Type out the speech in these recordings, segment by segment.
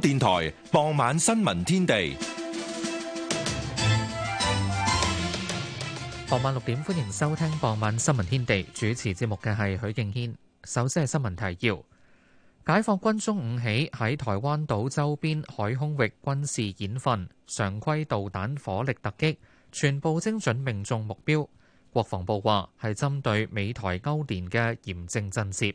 電台傍晚新聞天地，傍晚六點，歡迎收聽傍晚新聞天地。主持節目嘅係許敬軒，首先係新聞提要：解放軍中午起喺台灣島周邊海空域軍事演訓，常規導彈火力突擊，全部精準命中目標。國防部話係針對美台勾連嘅嚴正震懾。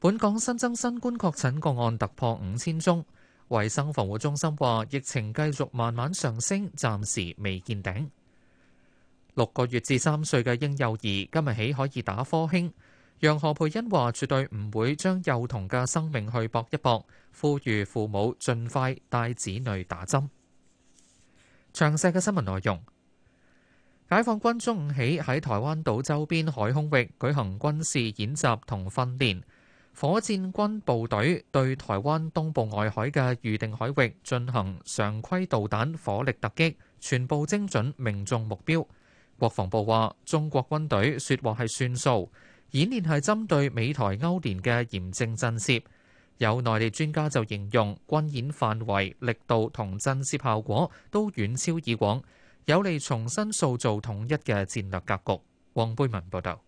本港新增新冠確診個案突破五千宗，衛生防護中心話疫情繼續慢慢上升，暫時未見頂。六個月至三歲嘅嬰幼兒今日起可以打科興。楊何蓓茵話：絕對唔會將幼童嘅生命去搏一搏，呼籲父母盡快帶子女打針。詳細嘅新聞內容，解放軍中午起喺台灣島周邊海空域舉行軍事演習同訓練。火箭軍部隊對台灣東部外海嘅預定海域進行常規導彈火力突擊，全部精準命中目標。國防部話：中國軍隊説話係算數，演練係針對美台勾連嘅嚴正震懾。有內地專家就形容軍演範圍、力度同震懾效果都遠超以往，有利重新塑造統一嘅戰略格局。黃貝文報道。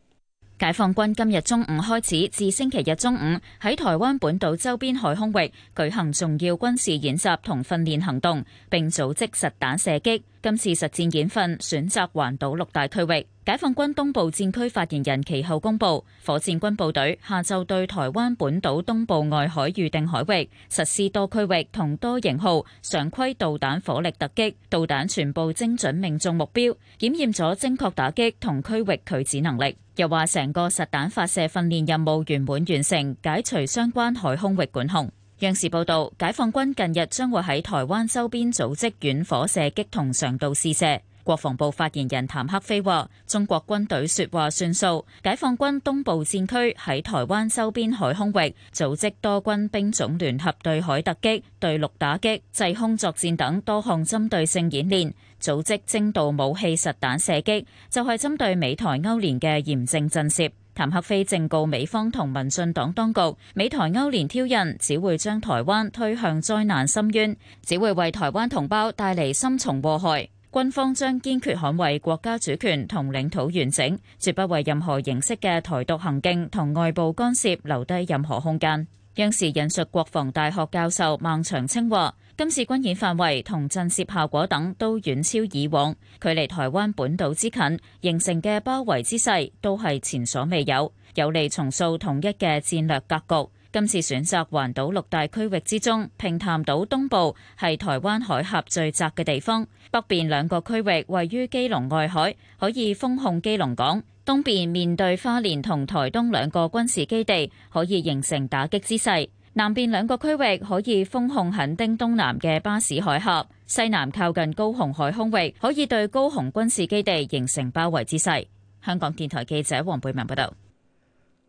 解放軍今日中午開始至星期日中午，喺台灣本島周邊海空域舉行重要軍事演習同訓練行動，並組織實彈射擊。今次實戰演訓選擇環島六大區域，解放軍東部戰區發言人其後公布，火箭軍部隊下晝對台灣本島東部外海預定海域實施多區域同多型號常規導彈火力突擊，導彈全部精準命中目標，檢驗咗精確打擊同區域拒止能力。又話成個實彈發射訓練任務圓滿完成，解除相關海空域管控。央視報道，解放軍近日將會喺台灣周邊組織遠火射擊同常導試射。國防部發言人譚克非話：中國軍隊說話算數。解放軍東部戰區喺台灣周邊海空域組織多軍兵種聯合對海突擊、對陸打擊、制空作戰等多項針對性演練，組織精度武器實彈射擊，就係針對美台勾連嘅嚴正震懾。譚克非正告美方同民進黨當局，美台勾連挑釁只會將台灣推向災難深淵，只會為台灣同胞帶嚟深重禍害。軍方將堅決捍衛國家主權同領土完整，絕不為任何形式嘅台獨行徑同外部干涉留低任何空間。央視引述國防大學教授孟祥青話。今次軍演範圍同震懾效果等都遠超以往，距離台灣本島之近，形成嘅包圍之勢都係前所未有，有利重塑統一嘅戰略格局。今次選擇環島六大區域之中，平潭島東部係台灣海峽最窄嘅地方，北邊兩個區域位於基隆外海，可以封控基隆港；東邊面對花蓮同台東兩個軍事基地，可以形成打擊姿勢。南邊兩個區域可以封控墾丁東南嘅巴士海峽，西南靠近高雄海空域，可以對高雄軍事基地形成包圍之勢。香港電台記者黃貝文報道。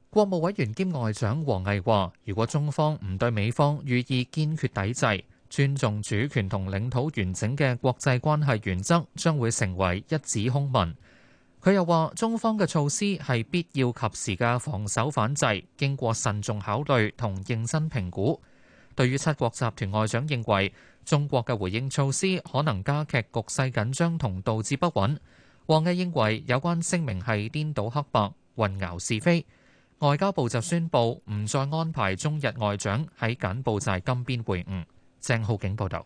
國務委員兼外長王毅話：如果中方唔對美方予以堅決抵制，尊重主權同領土完整嘅國際關係原則，將會成為一紙空文。佢又話：中方嘅措施係必要及時嘅防守反制，經過慎重考慮同認真評估。對於七國集團外長認為中國嘅回應措施可能加劇局勢緊張同導致不穩，王毅認為有關聲明係顛倒黑白、混淆是非。外交部就宣布唔再安排中日外長喺柬埔寨金邊會晤。鄭浩景報導。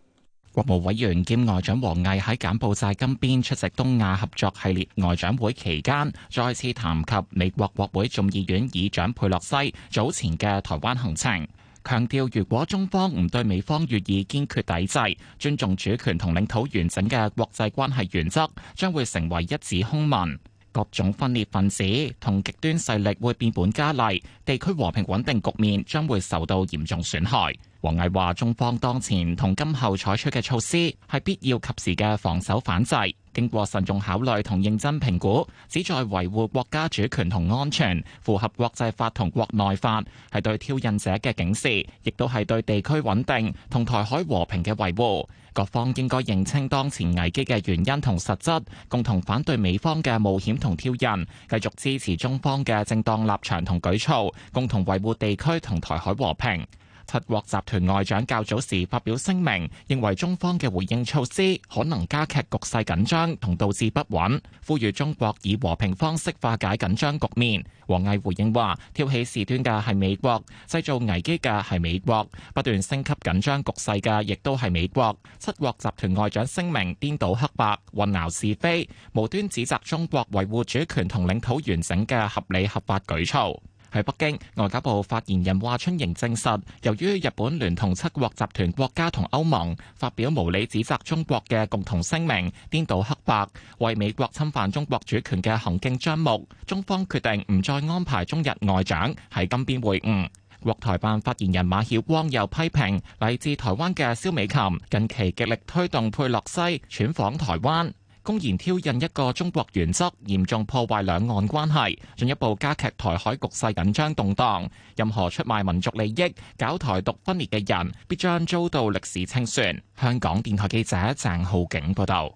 國務委員兼外長王毅喺柬埔寨金邊出席東亞合作系列外長會期間，再次談及美國國會眾議院議長佩洛西早前嘅台灣行程，強調如果中方唔對美方予以堅決抵制，尊重主權同領土完整嘅國際關係原則，將會成為一紙空文。各種分裂分子同極端勢力會變本加厲，地區和平穩定局面將會受到嚴重損害。王毅話，中方當前同今後採取嘅措施係必要、及時嘅防守反制，經過慎重考慮同認真評估，旨在維護國家主權同安全，符合國際法同國內法，係對挑釁者嘅警示，亦都係對地區穩定同台海和平嘅維護。各方應該認清當前危機嘅原因同實質，共同反對美方嘅冒險同挑釁，繼續支持中方嘅正當立場同舉措，共同維護地區同台海和平。七國集團外長較早時發表聲明，認為中方嘅回應措施可能加劇局勢緊張同導致不穩，呼籲中國以和平方式化解緊張局面。王毅回應話：挑起事端嘅係美國，製造危機嘅係美國，不斷升級緊張局勢嘅亦都係美國。七國集團外長聲明顛倒黑白、混淆是非，無端指責中國維護主權同領土完整嘅合理合法舉措。喺北京，外交部發言人華春瑩證實，由於日本聯同七國集團國家同歐盟發表無理指責中國嘅共同聲明，顛倒黑白，為美國侵犯中國主權嘅行徑張目，中方決定唔再安排中日外長喺金邊會晤。國台辦發言人馬曉光又批評，嚟自台灣嘅蕭美琴近期極力推動佩洛西竄訪台灣。公然挑釁一個中國原則，嚴重破壞兩岸關係，進一步加劇台海局勢緊張動盪。任何出賣民族利益、搞台獨分裂嘅人，必將遭到歷史清算。香港電台記者鄭浩景報道。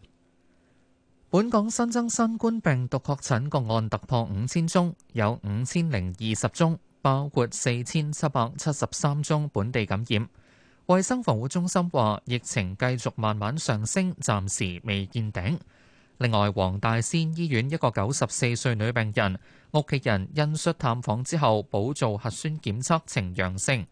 本港新增新冠病毒確診個案突破五千宗，有五千零二十宗，包括四千七百七十三宗本地感染。衛生防護中心話，疫情繼續慢慢上升，暫時未見頂。另外，黃大仙醫院一個九十四歲女病人，屋企人恩恤探訪之後，補做核酸檢測呈陽性。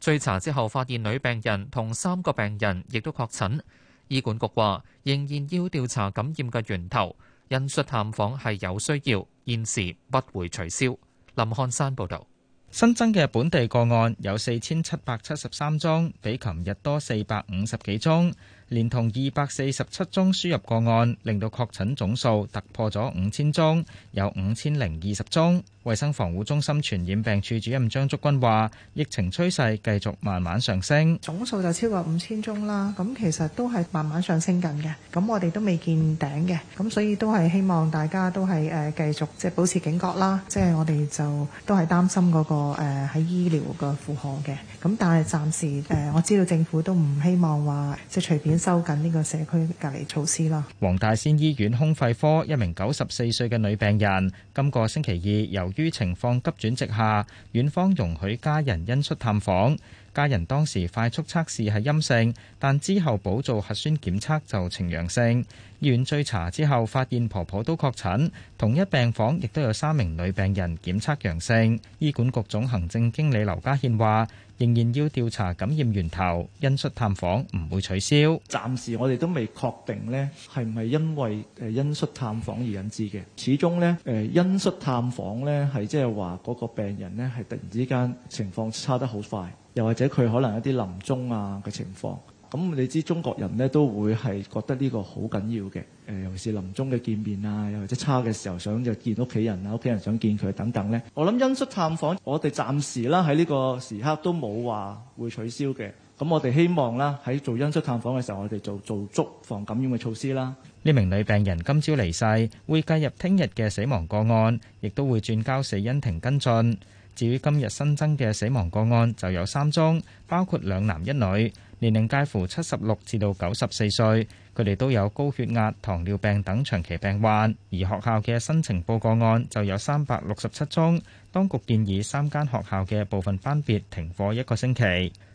追查之後，發現女病人同三個病人亦都確診。醫管局話，仍然要調查感染嘅源頭。恩恤探訪係有需要，現時不會取消。林漢山報導。新增嘅本地個案有四千七百七十三宗，比琴日多四百五十幾宗。連同二百四十七宗輸入個案，令到確診總數突破咗五千宗，有五千零二十宗。衛生防護中心傳染病處主任張竹君話，疫情趨勢繼續慢慢上升，總數就超過五千宗啦。咁其實都係慢慢上升緊嘅，咁我哋都未見頂嘅，咁所以都係希望大家都係誒，繼續即係保持警覺啦。即係我哋就都係擔心嗰個誒，喺醫療嘅負荷嘅。咁但係暫時誒，我知道政府都唔希望話即係隨便。收緊呢個社區隔離措施啦。黃大仙醫院胸肺科一名九十四歲嘅女病人，今個星期二由於情況急轉直下，院方容許家人恩恤探訪。家人當時快速測試係陰性，但之後補做核酸檢測就呈陽性。醫院追查之後，發現婆婆都確診，同一病房亦都有三名女病人檢測陽性。醫管局總行政經理劉家憲話，仍然要調查感染源頭，恩恤探訪唔會取消。暫時我哋都未確定呢係唔係因為誒恩恤探訪而引致嘅。始終呢，誒恩恤探訪呢係即係話嗰個病人呢係突然之間情況差得好快。又或者佢可能一啲臨終啊嘅情況，咁你知中國人咧都會係覺得呢個好緊要嘅，誒尤其是臨終嘅見面啊，又或者差嘅時候想就見屋企人啊，屋企人想見佢等等咧。我諗恩恤探訪，我哋暫時啦喺呢個時刻都冇話會取消嘅。咁我哋希望啦喺做恩恤探訪嘅時候，我哋就做，做足防感染嘅措施啦。呢名女病人今朝離世，會計入聽日嘅死亡個案，亦都會轉交死因庭跟進。至於今日新增嘅死亡個案就有三宗，包括兩男一女，年齡介乎七十六至到九十四歲，佢哋都有高血壓、糖尿病等長期病患。而學校嘅新呈報個案就有三百六十七宗，當局建議三間學校嘅部分班別停課一個星期。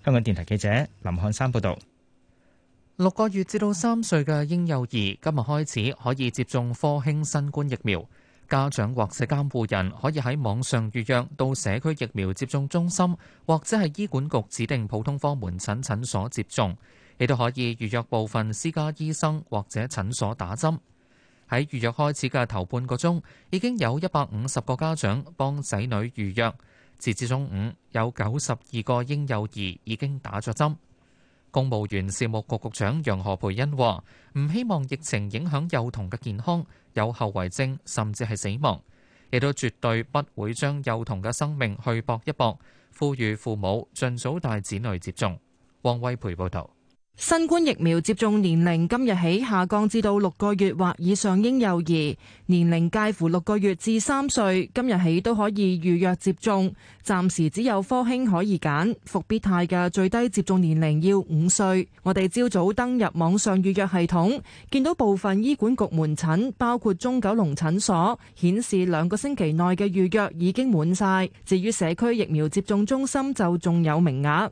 香港電台記者林漢山報導。六個月至到三歲嘅嬰幼兒今日開始可以接種科興新冠疫苗。家長或者監護人可以喺網上預約到社區疫苗接種中心，或者係醫管局指定普通科門診診所接種，亦都可以預約部分私家醫生或者診所打針。喺預約開始嘅頭半個鐘，已經有一百五十個家長幫仔女預約。截至中午，有九十二個嬰幼兒已經打咗針。公務員事務局局長楊何培恩話：唔希望疫情影響幼童嘅健康，有後遺症，甚至係死亡，亦都絕對不會將幼童嘅生命去搏一搏，呼籲父母儘早帶子女接種。王威培報導。新冠疫苗接種年齡今日起下降至到六個月或以上嬰幼兒，年齡介乎六個月至三歲，今日起都可以預約接種。暫時只有科興可以揀，復必泰嘅最低接種年齡要五歲。我哋朝早登入網上預約系統，見到部分醫管局門診，包括中九龍診所，顯示兩個星期內嘅預約已經滿晒。至於社區疫苗接種中心就仲有名額。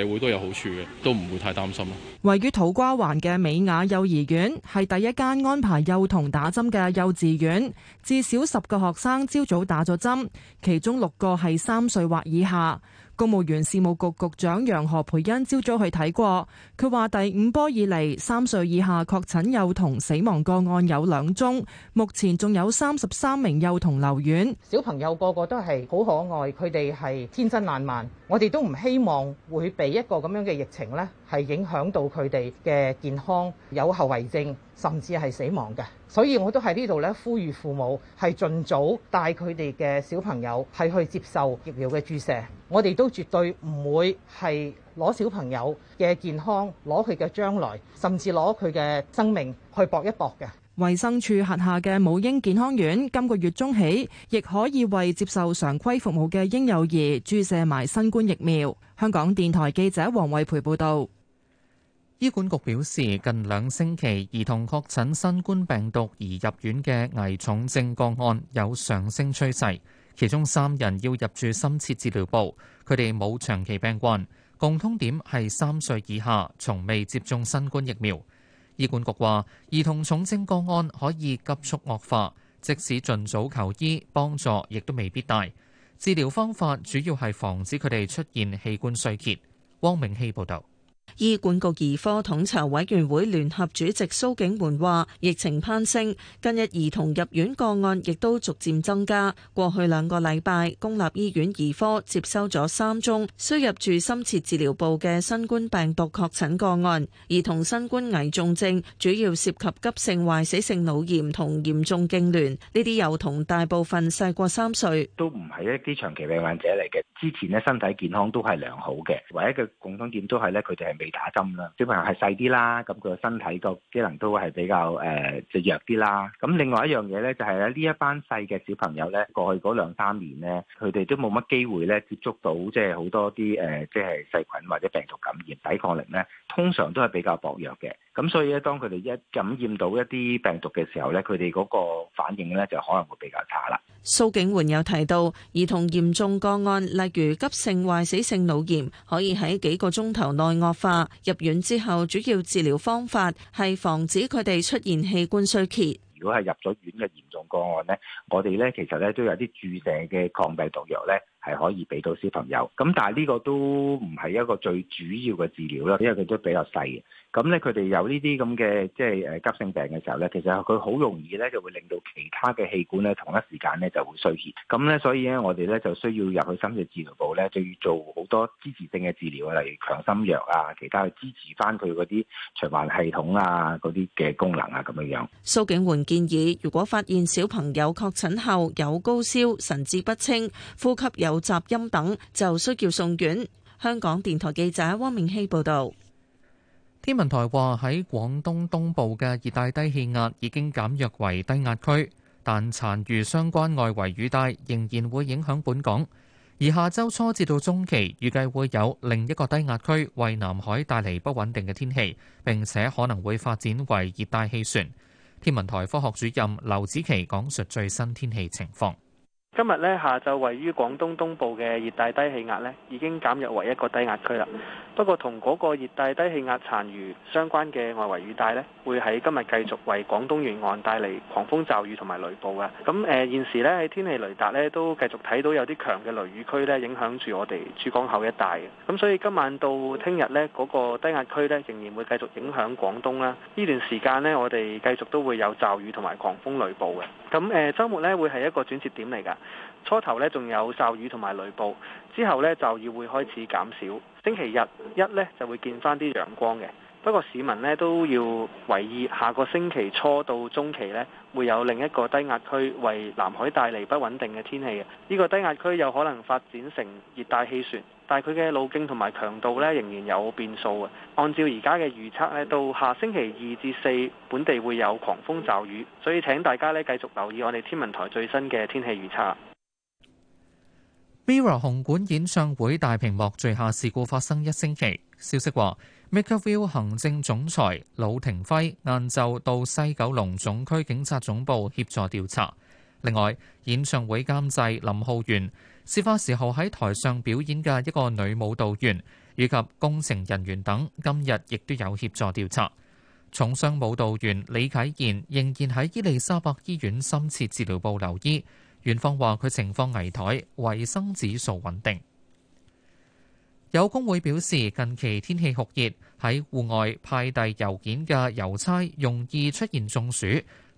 社會都有好處嘅，都唔會太擔心咯。位於土瓜灣嘅美雅幼兒園係第一間安排幼童打針嘅幼稚園，至少十個學生朝早打咗針，其中六個係三歲或以下。公務員事務局局局長楊何培恩朝早去睇過，佢話第五波以嚟三歲以下確診幼童死亡個案有兩宗，目前仲有三十三名幼童留院。小朋友個個都係好可愛，佢哋係天真爛漫。我哋都唔希望會被一個咁樣嘅疫情呢係影響到佢哋嘅健康，有後遺症，甚至係死亡嘅。所以我都喺呢度呢，呼籲父母係盡早帶佢哋嘅小朋友係去接受疫苗嘅注射。我哋都絕對唔會係攞小朋友嘅健康、攞佢嘅將來，甚至攞佢嘅生命去搏一搏嘅。衛生署轄下嘅母嬰健康院今個月中起，亦可以為接受常規服務嘅嬰幼兒注射埋新冠疫苗。香港電台記者黃惠培報道。醫管局表示，近兩星期兒童確診新冠病毒而入院嘅危重症個案有上升趨勢，其中三人要入住深切治療部，佢哋冇長期病患，共通點係三歲以下，從未接種新冠疫苗。醫管局話兒童重症個案可以急速惡化，即使盡早求醫幫助亦都未必大。治療方法主要係防止佢哋出現器官衰竭。汪明希報道。醫管局兒科統籌委員會聯合主席蘇景文話，疫情攀升，近日兒童入院個案亦都逐漸增加。過去兩個禮拜，公立醫院兒科接收咗三宗需入住深切治療部嘅新冠病毒確診個案。兒童新冠危重症主要涉及急性壞死性腦炎同嚴重痙攣，呢啲幼童大部分細過三歲都唔係一啲長期病患者嚟嘅。之前咧身體健康都係良好嘅，唯一嘅共通點都係咧佢哋係。未打針啦，小朋友係細啲啦，咁佢個身體個機能都係比較誒即弱啲啦。咁另外一樣嘢咧，就係咧呢一班細嘅小朋友咧，過去嗰兩三年呢，佢哋都冇乜機會咧接觸到即係好多啲誒即係細菌或者病毒感染，抵抗力咧通常都係比較薄弱嘅。咁所以咧，當佢哋一感染到一啲病毒嘅時候咧，佢哋嗰個反應咧就可能會比較差啦。蘇景煥有提到，兒童嚴重個案，例如急性壞死性腦炎，可以喺幾個鐘頭內惡化。入院之後，主要治療方法係防止佢哋出現器官衰竭。如果係入咗院嘅嚴重個案咧，我哋咧其實咧都有啲注射嘅抗病毒藥咧，係可以俾到小朋友。咁但係呢個都唔係一個最主要嘅治療啦，因為佢都比較細嘅。咁咧，佢哋有呢啲咁嘅即係誒急性病嘅時候咧，其實佢好容易咧就會令到其他嘅器官咧同一時間咧就會衰竭。咁咧，所以咧我哋咧就需要入去深切治療部咧，就要做好多支持性嘅治療，例如強心藥啊，其他去支持翻佢嗰啲循環系統啊嗰啲嘅功能啊咁樣樣。蘇景煥建議，如果發現小朋友確診後有高燒神志不清，呼吸有雜音等，就需要送院。香港電台記者汪明希報道。天文台話喺廣東東部嘅熱帶低氣壓已經減弱為低壓區，但殘餘相關外圍雨帶仍然會影響本港。而下周初至到中期，預計會有另一個低壓區為南海帶嚟不穩定嘅天氣，並且可能會發展為熱帶氣旋。天文台科學主任劉子琪講述最新天氣情況。今日咧下晝位於廣東東部嘅熱帶低氣壓呢已經減弱為一個低壓區啦。不過同嗰個熱帶低氣壓殘餘相關嘅外圍雨帶呢，會喺今日繼續為廣東沿岸帶嚟狂風驟雨同埋雷暴嘅。咁誒、呃，現時咧喺天氣雷達呢都繼續睇到有啲強嘅雷雨區呢影響住我哋珠江口一帶。咁所以今晚到聽日呢，嗰、嗰個低壓區呢仍然會繼續影響廣東啦。呢段時間呢，我哋繼續都會有驟雨同埋狂風雷暴嘅。咁誒，周、呃、末呢，會係一個轉折點嚟噶。初頭咧仲有驟雨同埋雷暴，之後咧驟雨會開始減少。星期日一咧就會見返啲陽光嘅。不過市民咧都要留意，下個星期初到中期咧會有另一個低壓區為南海帶嚟不穩定嘅天氣。呢個低壓區有可能發展成熱帶氣旋，但係佢嘅路徑同埋強度咧仍然有變數嘅。按照而家嘅預測咧，到下星期二至四本地會有狂風驟雨，所以請大家咧繼續留意我哋天文台最新嘅天氣預測。Mirror 紅館演唱會大屏幕墜下事故發生一星期，消息話，MakerVille 行政總裁魯廷輝晏晝到西九龍總區警察總部協助調查。另外，演唱會監製林浩源，事發時候喺台上表演嘅一個女舞蹈員以及工程人員等，今日亦都有協助調查。重傷舞蹈員李啟賢仍然喺伊利沙伯醫院深切治療部留醫。院方話佢情況危殆，衞生指數穩定。有工會表示，近期天氣酷熱，喺戶外派遞郵件嘅郵差容易出現中暑，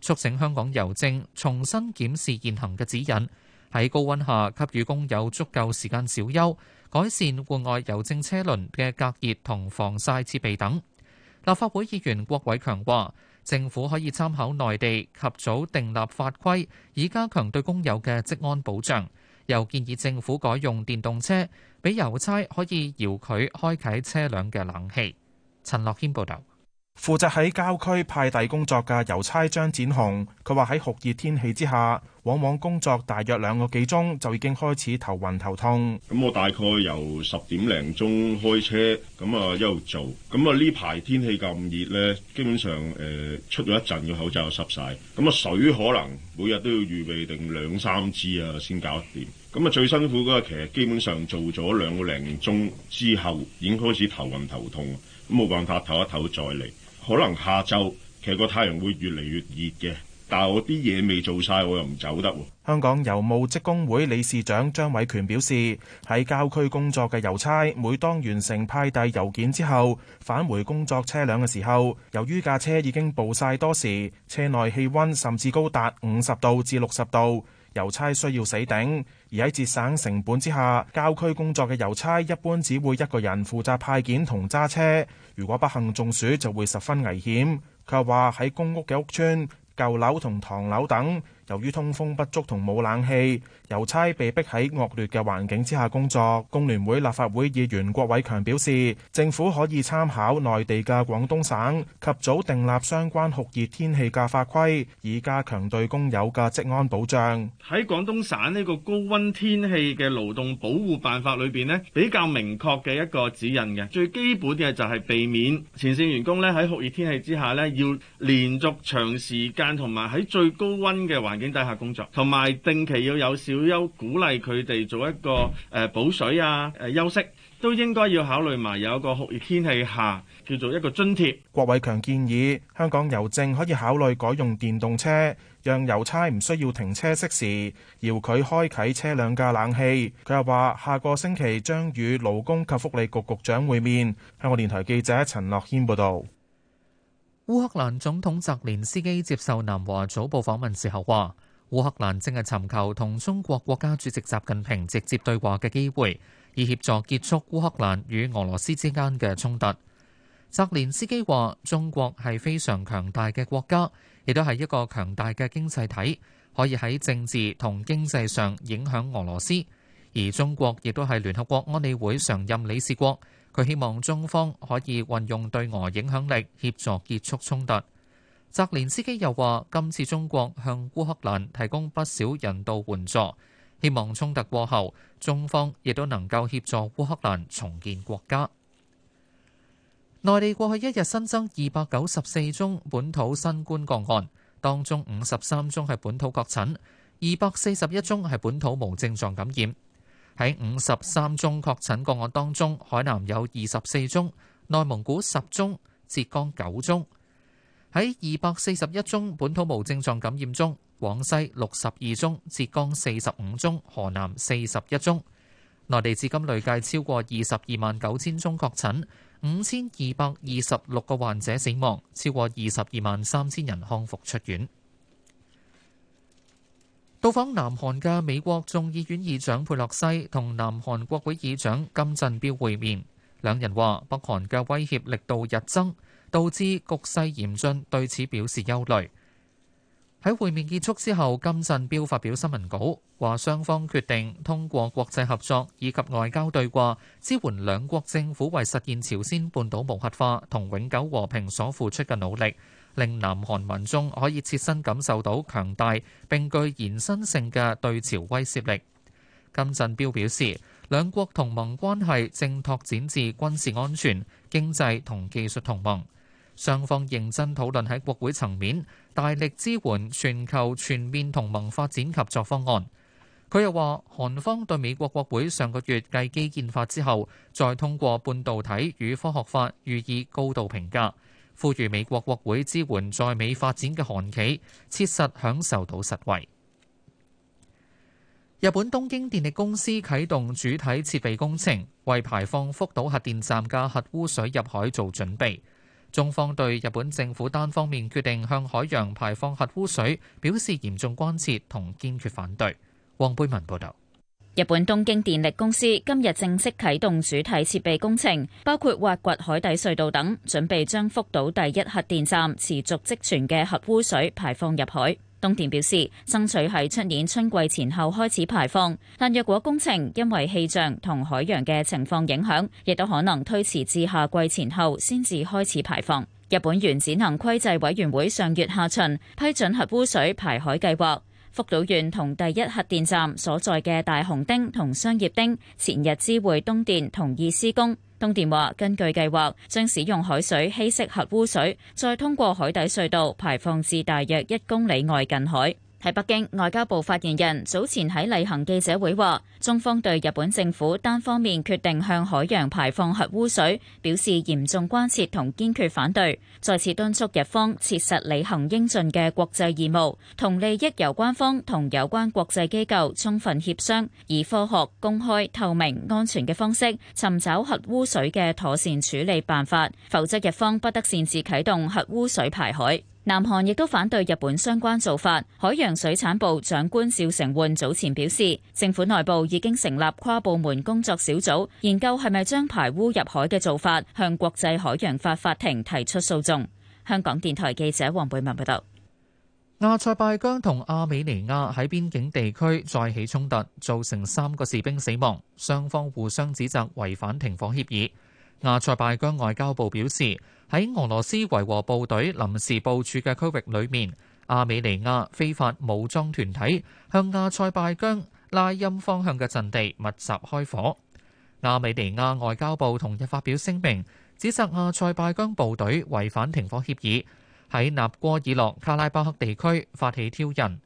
促請香港郵政重新檢視現行嘅指引，喺高溫下給予工友足夠時間小休，改善戶外郵政車輪嘅隔熱同防曬設備等。立法會議員郭偉強話：政府可以參考內地及早訂立法規，以加強對工友嘅職安保障。又建議政府改用電動車，俾郵差可以搖佢開啓車輛嘅冷氣。陳樂軒報導。負責喺郊區派遞工作嘅郵差張展雄，佢話喺酷熱天氣之下，往往工作大約兩個幾鐘就已經開始頭暈頭痛。咁我大概由十點零鐘開車，咁啊一路做，咁啊呢排天氣咁熱呢，基本上誒、呃、出咗一陣個口罩就濕晒，咁啊水可能每日都要預備定兩三支啊先搞掂。咁啊最辛苦嗰個其實基本上做咗兩個零鐘之後已經開始頭暈頭痛，咁冇辦法唞一唞再嚟。可能下晝其實個太陽會越嚟越熱嘅，但係我啲嘢未做晒，我又唔走得。香港郵務職工會理事長張偉權表示，喺郊區工作嘅郵差每當完成派遞郵件之後返回工作車輛嘅時候，由於架車已經暴曬多時，車內氣溫甚至高達五十度至六十度，郵差需要死頂，而喺節省成本之下，郊區工作嘅郵差一般只會一個人負責派件同揸車。如果不幸中暑，就會十分危險。佢話喺公屋嘅屋邨、舊樓同唐樓等，由於通風不足同冇冷氣。郵差被逼喺惡劣嘅環境之下工作，工聯會立法會議員郭偉強表示，政府可以參考內地嘅廣東省及早訂立相關酷熱天氣嘅法規，以加強對工友嘅職安保障。喺廣東省呢個高溫天氣嘅勞動保護辦法裏邊呢，比較明確嘅一個指引嘅最基本嘅就係避免前線員工呢喺酷熱天氣之下呢要連續長時間同埋喺最高溫嘅環境底下工作，同埋定期要有少。主要鼓勵佢哋做一個誒、呃、補水啊、誒、呃、休息，都應該要考慮埋有一個酷熱天氣下叫做一個津貼。郭偉強建議香港郵政可以考慮改用電動車，讓郵差唔需要停車熄匙，搖佢開啓車輛嘅冷氣。佢又話：下個星期將與勞工及福利局局長會面。香港電台記者陳樂軒報導。烏克蘭總統澤連斯基接受南華早報訪問時候話，烏克蘭正係尋求同中國國家主席習近平直接對話嘅機會，以協助結束烏克蘭與俄羅斯之間嘅衝突。澤連斯基話，中國係非常強大嘅國家，亦都係一個強大嘅經濟體，可以喺政治同經濟上影響俄羅斯。而中國亦都係聯合國安理會常任理事國，佢希望中方可以運用對俄影響力，協助結束衝突。澤連斯基又話，今次中國向烏克蘭提供不少人道援助，希望衝突過後，中方亦都能夠協助烏克蘭重建國家。內地過去一日新增二百九十四宗本土新冠個案，當中五十三宗係本土確診，二百四十一宗係本土無症狀感染。喺五十三宗確診個案當中，海南有二十四宗，內蒙古十宗，浙江九宗。喺二百四十一宗本土無症狀感染中，廣西六十二宗，浙江四十五宗，河南四十一宗。內地至今累計超過二十二萬九千宗確診，五千二百二十六個患者死亡，超過二十二萬三千人康復出院。到訪南韓嘅美國眾議院議長佩洛西同南韓國會議長金振標會面，兩人話北韓嘅威脅力度日增，導致局勢嚴峻，對此表示憂慮。喺會面結束之後，金振彪發表新聞稿，話雙方決定通過國際合作以及外交對話，支援兩國政府為實現朝鮮半島無核化同永久和平所付出嘅努力，令南韓民眾可以切身感受到強大並具延伸性嘅對朝威懾力。金振彪表示，兩國同盟關係正拓展至軍事安全、經濟同技術同盟。雙方認真討論喺國會層面大力支援全球全面同盟發展合作方案。佢又話，韓方對美國國會上個月繼基建法之後再通過半導體與科學法，予以高度評價，呼籲美國國會支援在美發展嘅韓企，切實享受到實惠。日本東京電力公司啟動主體設備工程，為排放福島核電站嘅核污水入海做準備。中方對日本政府單方面決定向海洋排放核污水表示嚴重關切同堅決反對。黃貝文報導，日本東京電力公司今日正式啟動主體設備工程，包括挖掘海底隧道等，準備將福島第一核電站持續積存嘅核污水排放入海。東電表示爭取喺出年春季前後開始排放，但若果工程因為氣象同海洋嘅情況影響，亦都可能推遲至夏季前後先至開始排放。日本原子能規制委員會上月下旬批准核污水排海計劃，福島縣同第一核電站所在嘅大紅町同商業町前日知會東電同意施工。通電話，根據計劃，將使用海水稀釋核污水，再通過海底隧道排放至大約一公里外近海。喺北京，外交部發言人早前喺例行記者會話，中方對日本政府單方面決定向海洋排放核污水，表示嚴重關切同堅決反對，再次敦促日方切實履行應盡嘅國際義務，同利益攸關方同有關國際機構充分協商，以科學、公開、透明、安全嘅方式尋找核污水嘅妥善處理辦法，否則日方不得擅自啟動核污水排海。南韓亦都反對日本相關做法。海洋水產部長官趙成煥早前表示，政府內部已經成立跨部門工作小組，研究係咪將排污入海嘅做法向國際海洋法法庭提出訴訟。香港電台記者黃貝文報道。亞塞拜疆同亞美尼亞喺邊境地區再起衝突，造成三個士兵死亡，雙方互相指責違反停火協議。阿塞拜疆外交部表示，喺俄羅斯維和部隊臨時部署嘅區域裏面，阿美尼亞非法武裝團體向阿塞拜疆拉欽方向嘅陣地密集開火。阿美尼亞外交部同日發表聲明，指責阿塞拜疆部隊違反停火協議，喺納戈爾諾卡拉巴克地區發起挑釁。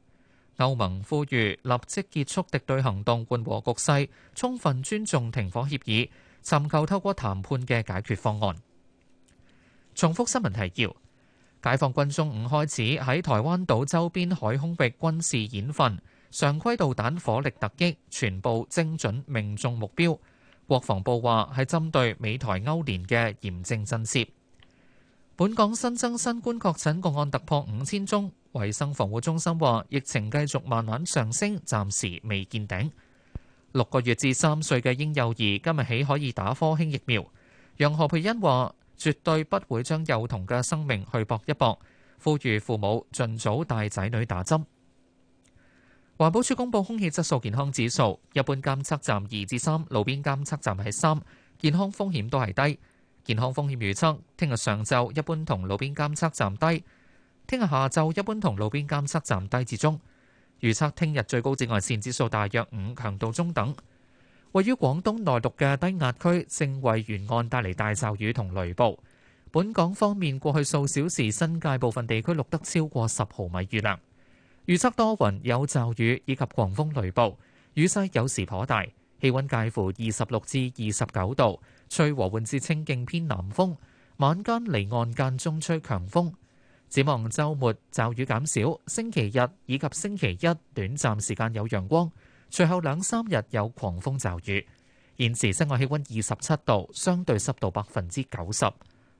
歐盟呼籲立即結束敵對行動，緩和局勢，充分尊重停火協議。尋求透過談判嘅解決方案。重複新聞提要：解放軍中午開始喺台灣島周邊海空域軍事演訓，常規導彈火力突擊，全部精準命中目標。國防部話係針對美台勾連嘅嚴正震懾。本港新增新冠確診個案突破五千宗，衞生防護中心話疫情繼續慢慢上升，暫時未見頂。六個月至三歲嘅嬰幼兒今日起可以打科興疫苗。楊何蓓茵話：絕對不會將幼童嘅生命去搏一搏，呼籲父母盡早帶仔女打針。環保署公布空氣質素健康指數，一般監測站二至三，路邊監測站係三，健康風險都係低。健康風險預測：聽日上晝一般同路邊監測站低，聽日下晝一般同路邊監測站低至中。預測聽日最高紫外線指數大約五，強度中等。位於廣東內陸嘅低壓區正為沿岸帶嚟大驟雨同雷暴。本港方面，過去數小時，新界部分地區錄得超過十毫米雨量。預測多雲，有驟雨以及狂風雷暴，雨勢有時頗大。氣溫介乎二十六至二十九度，吹和緩至清勁偏南風，晚間離岸間中吹強風。展望周末，驟雨減少；星期日以及星期一，短暫時間有陽光，隨後兩三日有狂風驟雨。現時室外氣溫二十七度，相對濕度百分之九十。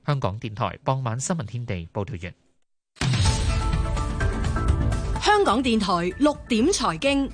香港電台傍晚新聞天地報道完。香港電台六點財經。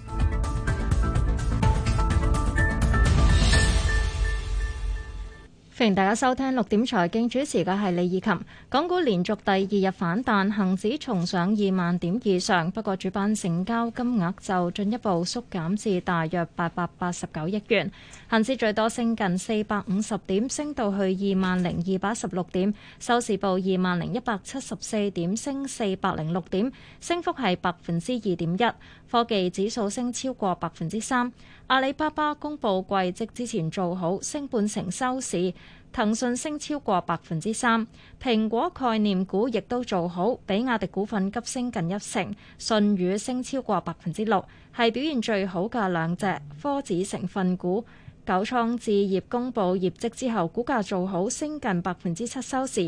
歡迎大家收聽六點財經，主持嘅係李以琴。港股連續第二日反彈，恒指重上二萬點以上，不過主板成交金額就進一步縮減至大約八百八十九億元。恒指最多升近四百五十點，升到去二萬零二百十六點，收市報二萬零一百七十四點，升四百零六點，升幅係百分之二點一。科技指數升超過百分之三。阿里巴巴公布季績之前做好，升半成收市。騰訊升超過百分之三，蘋果概念股亦都做好，比亞迪股份急升近一成，舜宇升超過百分之六，係表現最好嘅兩隻科指成分股。九倉置業公布業績之後，股價做好，升近百分之七收市，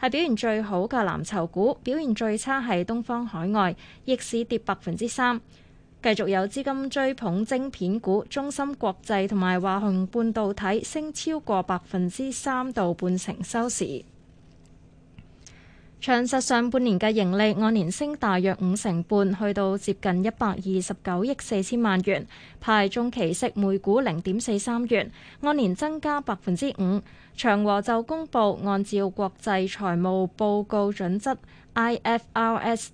係表現最好嘅藍籌股。表現最差係東方海外，逆市跌百分之三。繼續有資金追捧晶片股，中芯國際同埋華虹半導體升超過百分之三到半成收市。長實上半年嘅盈利按年升大約五成半，去到接近一百二十九億四千萬元，派中期息每股零點四三元，按年增加百分之五。長和就公佈按照國際財務報告準則 （IFRS）。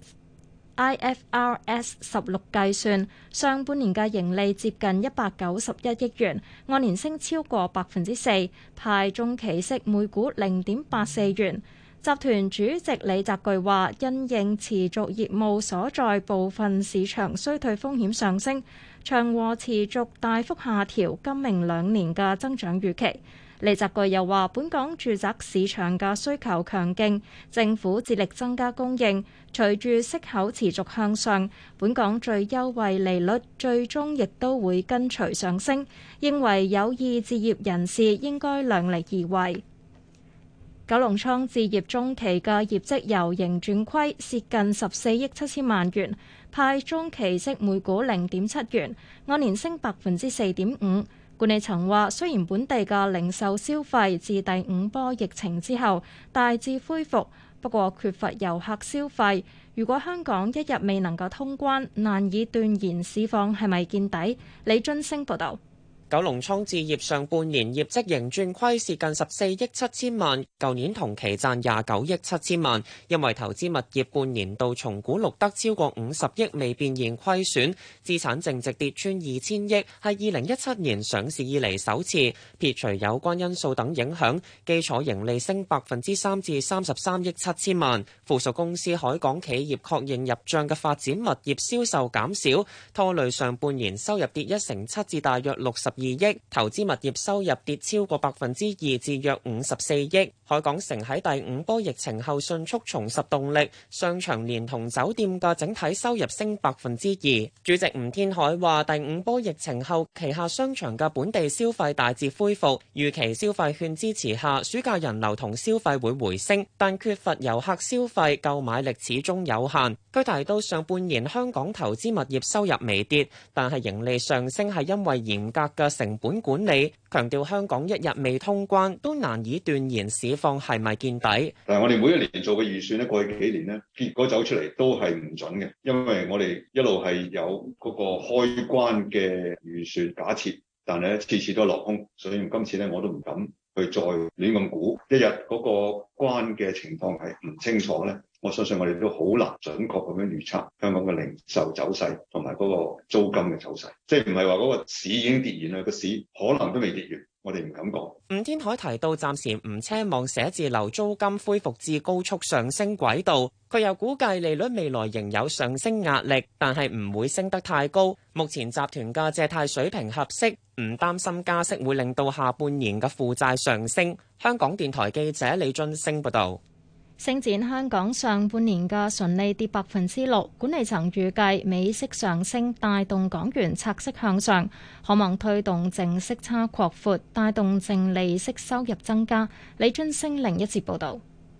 IFRS 十六計算上半年嘅盈利接近一百九十一億元，按年升超過百分之四，派中期息每股零點八四元。集團主席李澤鉅話，因應持續業務所在部分市場衰退風險上升，長和持續大幅下調今明兩年嘅增長預期。李澤钜又話：本港住宅市場嘅需求強勁，政府致力增加供應。隨住息口持續向上，本港最優惠利率最終亦都會跟隨上升。認為有意置業人士應該量力而為。九龍倉置業中期嘅業績由盈轉虧，蝕近十四億七千萬元，派中期息每股零點七元，按年升百分之四點五。管理層話，雖然本地嘅零售消費自第五波疫情之後大致恢復，不過缺乏遊客消費。如果香港一日未能夠通關，難以斷言市況係咪見底。李俊升報道。九龍倉置業上半年業績盈轉虧，蝕近十四億七千萬，舊年同期賺廿九億七千萬。因為投資物業半年度重估錄得超過五十億未變現虧損，資產淨值跌穿二千億，係二零一七年上市以嚟首次。撇除有關因素等影響，基礎盈利升百分之三至三十三億七千萬。附屬公司海港企業確認入賬嘅發展物業銷售減少，拖累上半年收入跌一成七至大約六十。二億投資物業收入跌超過百分之二至約五十四億。海港城喺第五波疫情後迅速重拾動力，商場連同酒店嘅整體收入升百分之二。主席吳天海話：第五波疫情後，旗下商場嘅本地消費大致恢復，預期消費券支持下，暑假人流同消費會回升，但缺乏遊客消費，購買力始終有限。佢提到上半年香港投資物業收入微跌，但係盈利上升係因為嚴格嘅。成本管理，強調香港一日未通關，都難以斷言市況係咪見底。但係，我哋每一年做嘅預算咧，過去幾年咧，結果走出嚟都係唔準嘅，因為我哋一路係有嗰個開關嘅預算假設，但係咧，次次都落空，所以今次咧，我都唔敢去再亂咁估，一日嗰個關嘅情況係唔清楚咧。我相信我哋都好難準確咁樣預測香港嘅零售走勢同埋嗰個租金嘅走勢，即係唔係話嗰個市已經跌完啦？個市可能都未跌完，我哋唔敢講。吳天海提到，暫時唔奢望寫字樓租金恢復至高速上升軌道，佢又估計利率未來仍有上升壓力，但係唔會升得太高。目前集團嘅借貸水平合適，唔擔心加息會令到下半年嘅負債上升。香港電台記者李俊升報道。星展香港上半年嘅純利跌百分之六，管理層預計美息上升帶動港元拆息向上，可望推動淨息差擴闊，帶動淨利息收入增加。李津升另一節報導。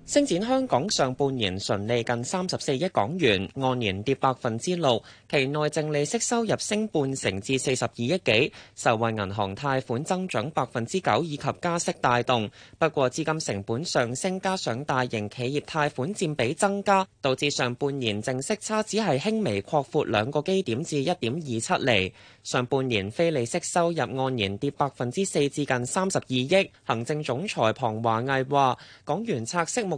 星展香港上半年純利近三十四億港元，按年跌百分之六，期內淨利息收入升半成至四十二億幾，受惠銀行貸款增長百分之九以及加息帶動。不過資金成本上升加上大型企業貸款佔比增加，導致上半年淨息差只係輕微擴闊，闊兩個基點至一點二七厘。上半年非利息收入按年跌百分之四至近三十二億。行政總裁龐華毅話：港元拆息目。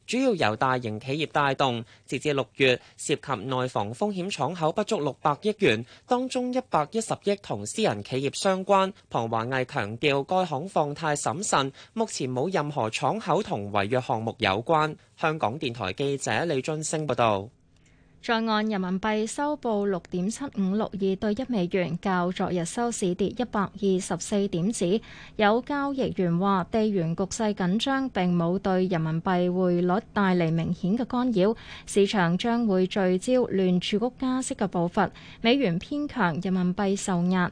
主要由大型企業帶動，截至六月涉及內房風險敞口不足六百億元，當中一百一十億同私人企業相關。龐華毅強調該行放貸審慎，目前冇任何敞口同違約項目有關。香港電台記者李俊升報道。在岸人民幣收報六點七五六二對一美元，較昨日收市跌一百二十四點子。有交易員話，地緣局勢緊張，並冇對人民幣匯率帶嚟明顯嘅干擾。市場將會聚焦聯儲局加息嘅步伐，美元偏強，人民幣受壓。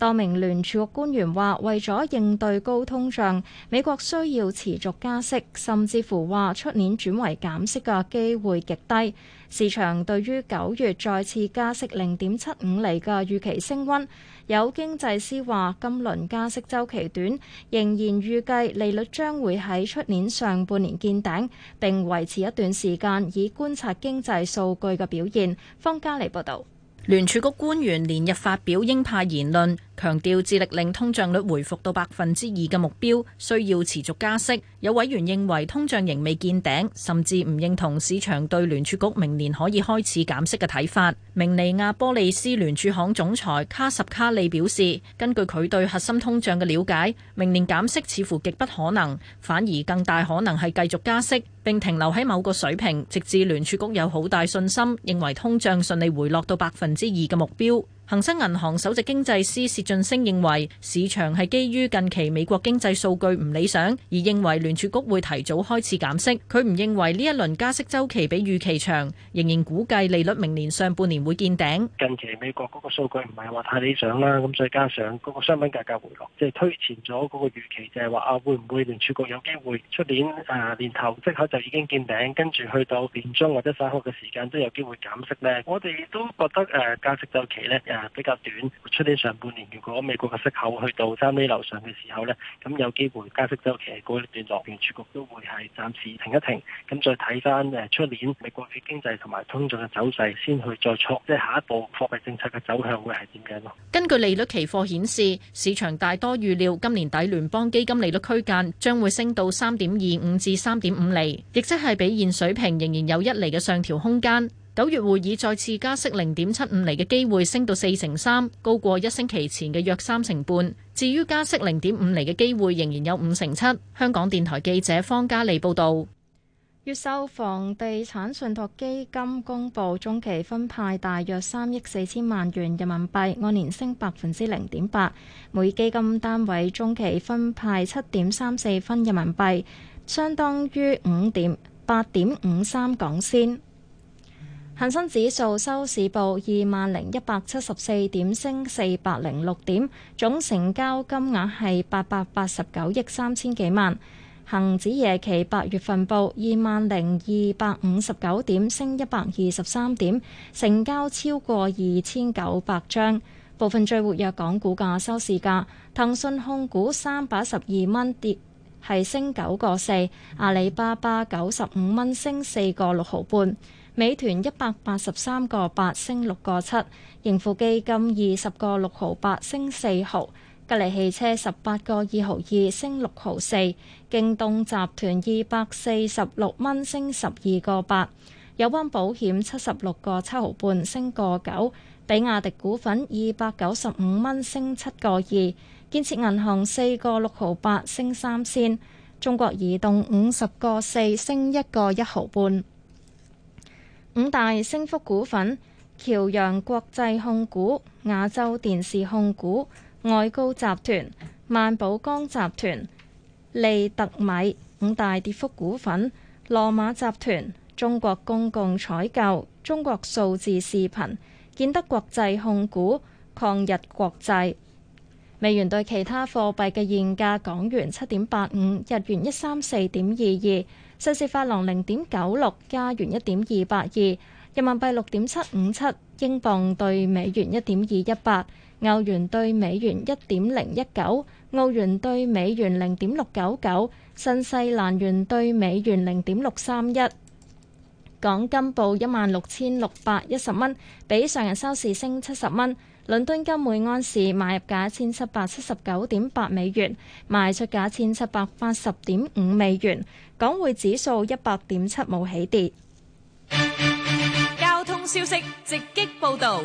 多名聯儲局官員話：為咗應對高通脹，美國需要持續加息，甚至乎話出年轉為減息嘅機會極低。市場對於九月再次加息零點七五厘嘅預期升溫，有經濟師話：今輪加息周期短，仍然預計利率將會喺出年上半年見頂，並維持一段時間以觀察經濟數據嘅表現。方嘉莉報道，聯儲局官員連日發表鷹派言論。強調致力令通脹率回復到百分之二嘅目標，需要持續加息。有委員認為通脹仍未見頂，甚至唔認同市場對聯儲局明年可以開始減息嘅睇法。明尼亞波利斯聯儲行總裁卡什卡利表示，根據佢對核心通脹嘅了解，明年減息似乎極不可能，反而更大可能係繼續加息，並停留喺某個水平，直至聯儲局有好大信心，認為通脹順利回落到百分之二嘅目標。恒生銀行首席經濟師薛俊升認為，市場係基於近期美國經濟數據唔理想，而認為聯儲局會提早開始減息。佢唔認為呢一輪加息週期比預期長，仍然估計利率明年上半年會見頂。近期美國嗰個數據唔係話太理想啦，咁再加上嗰個商品價格回落，即係推前咗嗰個預期，就係話啊，會唔會聯儲局有機會出年誒、呃、年頭即刻就已經見頂，跟住去到年中或者三月嘅時間都有機會減息呢？我哋都覺得誒、呃、加息週期呢，比較短，出年上半年如果美國嘅息口去到三釐樓上嘅時候呢，咁有機會加息周期嗰、那個、段落，聯儲局都會係暫時停一停。咁再睇翻誒出年美國嘅經濟同埋通脹嘅走勢，先去再錯，即係下一步貨幣政策嘅走向會係點樣咯？根據利率期貨顯示，市場大多預料今年底聯邦基金利率區間將會升到三點二五至三點五厘，亦即係比現水平仍然有一厘嘅上調空間。九月會議再次加息零點七五厘嘅機會升到四成三，高過一星期前嘅約三成半。至於加息零點五厘嘅機會，仍然有五成七。香港電台記者方嘉利報導。越秀房地產信託基金公布中期分派大約三億四千萬元人民幣，按年升百分之零點八，每基金單位中期分派七點三四分人民幣，相當於五點八點五三港仙。恒生指數收市報二萬零一百七十四點，升四百零六點，總成交金額係八百八十九億三千幾萬。恒指夜期八月份報二萬零二百五十九點，升一百二十三點，成交超過二千九百張。部分最活躍港股價收市價，騰訊控股三百十二蚊跌，係升九個四；阿里巴巴九十五蚊升四個六毫半。美團一百八十三個八升六個七，盈富基金二十個六毫八升四毫，吉利汽車十八個二毫二升六毫四，京東集團二百四十六蚊升十二個八，友邦保險七十六個七毫半升個九，比亞迪股份二百九十五蚊升七個二，建設銀行四個六毫八升三仙，中國移動五十個四升一個一毫半。五大升幅股份：橋洋國際控股、亞洲電視控股、外高集團、萬寶江集團、利特米；五大跌幅股份：羅馬集團、中國公共採購、中國數字視頻、建德國際控股、抗日國際。美元對其他貨幣嘅現價：港元七點八五，日元一三四點二二。瑞士法郎零點九六，加元一點二八二，人民幣六點七五七，英鎊對美元一點二一八，歐元對美元一點零一九，澳元對美元零點六九九，新西蘭元對美元零點六三一。港金報一萬六千六百一十蚊，比上日收市升七十蚊。倫敦金每安士買入價一千七百七十九點八美元，賣出價一千七百八十點五美元。港匯指數一百點七，冇起跌。交通消息直擊報道。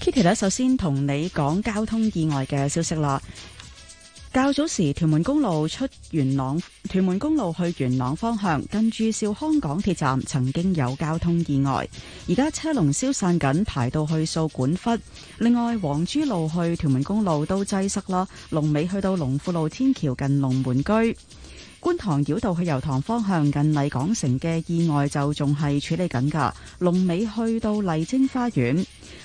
Kitty，首先同你講交通意外嘅消息啦。較早時，屯門公路出元朗，屯門公路去元朗方向近住兆康港鐵站，曾經有交通意外，而家車龍消散緊，排到去掃管笏。另外，皇珠路去屯門公路都擠塞啦，龍尾去到龍富路天橋近龍門居。觀塘繞道去油塘方向近麗港城嘅意外就仲係處理緊㗎，龍尾去到麗晶花園。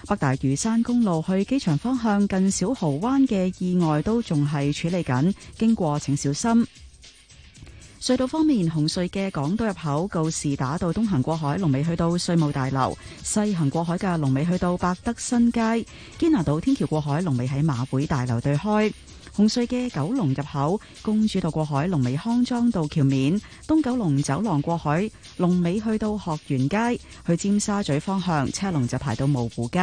北大嶼山公路去機場方向近小蠔灣嘅意外都仲係處理緊，經過請小心。隧道方面，紅隧嘅港島入口告士打道東行過海，龍尾去到稅務大樓；西行過海嘅龍尾去到百德新街。堅拿道天橋過海，龍尾喺馬會大樓對開。紅隧嘅九龍入口，公主道過海，龍尾康莊道橋面；東九龍走廊過海，龍尾去到學園街，去尖沙咀方向車龍就排到蕪湖街；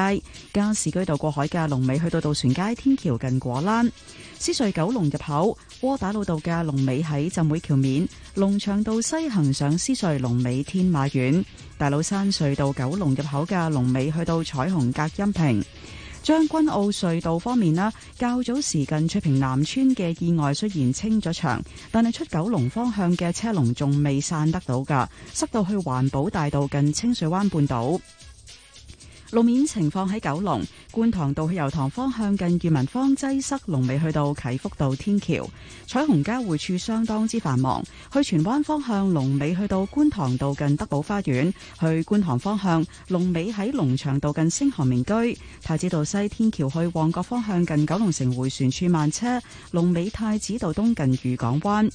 加士居道過海嘅龍尾去到渡船街天橋近果欄；獅隧九龍入口，窩打老道嘅龍尾喺浸會橋面；龍翔道西行上獅隧龍尾天馬苑；大老山隧道九龍入口嘅龍尾去到彩虹隔音屏。將軍澳隧道方面咧，較早時近翠屏南村嘅意外雖然清咗場，但係出九龍方向嘅車龍仲未散得到㗎，塞到去環保大道近清水灣半島。路面情況喺九龍觀塘道去油塘方向近裕民坊擠塞，龍尾去到啟福道天橋彩虹交匯處相當之繁忙。去荃灣方向龍尾去到觀塘道近德寶花園，去觀塘方向龍尾喺龍翔道近星河明居太子道西天橋去旺角方向近九龍城迴旋處慢車，龍尾太子道東近漁港灣。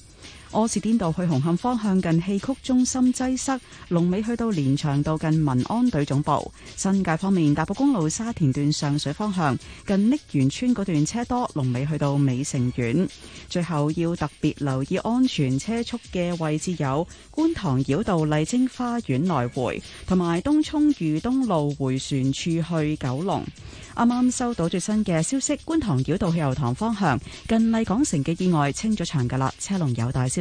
柯士甸道去紅磡方向近戲曲中心擠塞，龍尾去到連翔道近民安隊總部。新界方面，大埔公路沙田段上水方向近瀝源村段車多，龍尾去到美城苑。最後要特別留意安全車速嘅位置有觀塘繞道麗晶花園來回，同埋東涌裕東路回旋處去九龍。啱啱收到最新嘅消息，觀塘繞道去油塘方向近麗港城嘅意外清咗場噶啦，車龍有待消。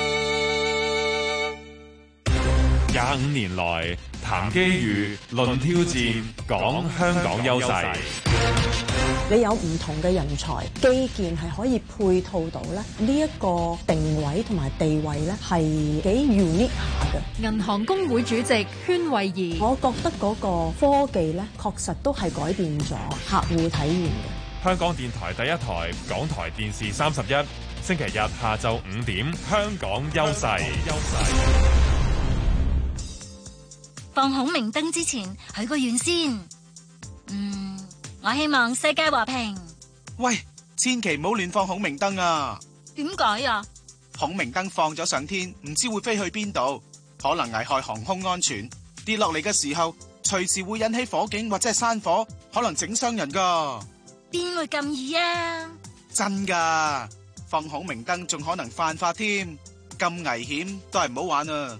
廿五年來談機遇、論挑戰、講香港優勢。你有唔同嘅人才、基建係可以配套到咧？呢、這、一個定位同埋地位咧係幾 unique 下嘅。銀行公會主席禤惠儀，我覺得嗰個科技咧確實都係改變咗客戶體驗嘅。香港電台第一台港台電視三十一，星期日下晝五點，香港優勢。香港優勢。放孔明燈之前，許個願先。嗯，我希望世界和平。喂，千祈唔好亂放孔明燈啊！點解啊？孔明燈放咗上天，唔知會飛去邊度，可能危害航空安全。跌落嚟嘅時候，隨時會引起火警或者係山火，可能整傷人噶。邊會咁易啊？真噶，放孔明燈仲可能犯法添，咁危險都係唔好玩啊！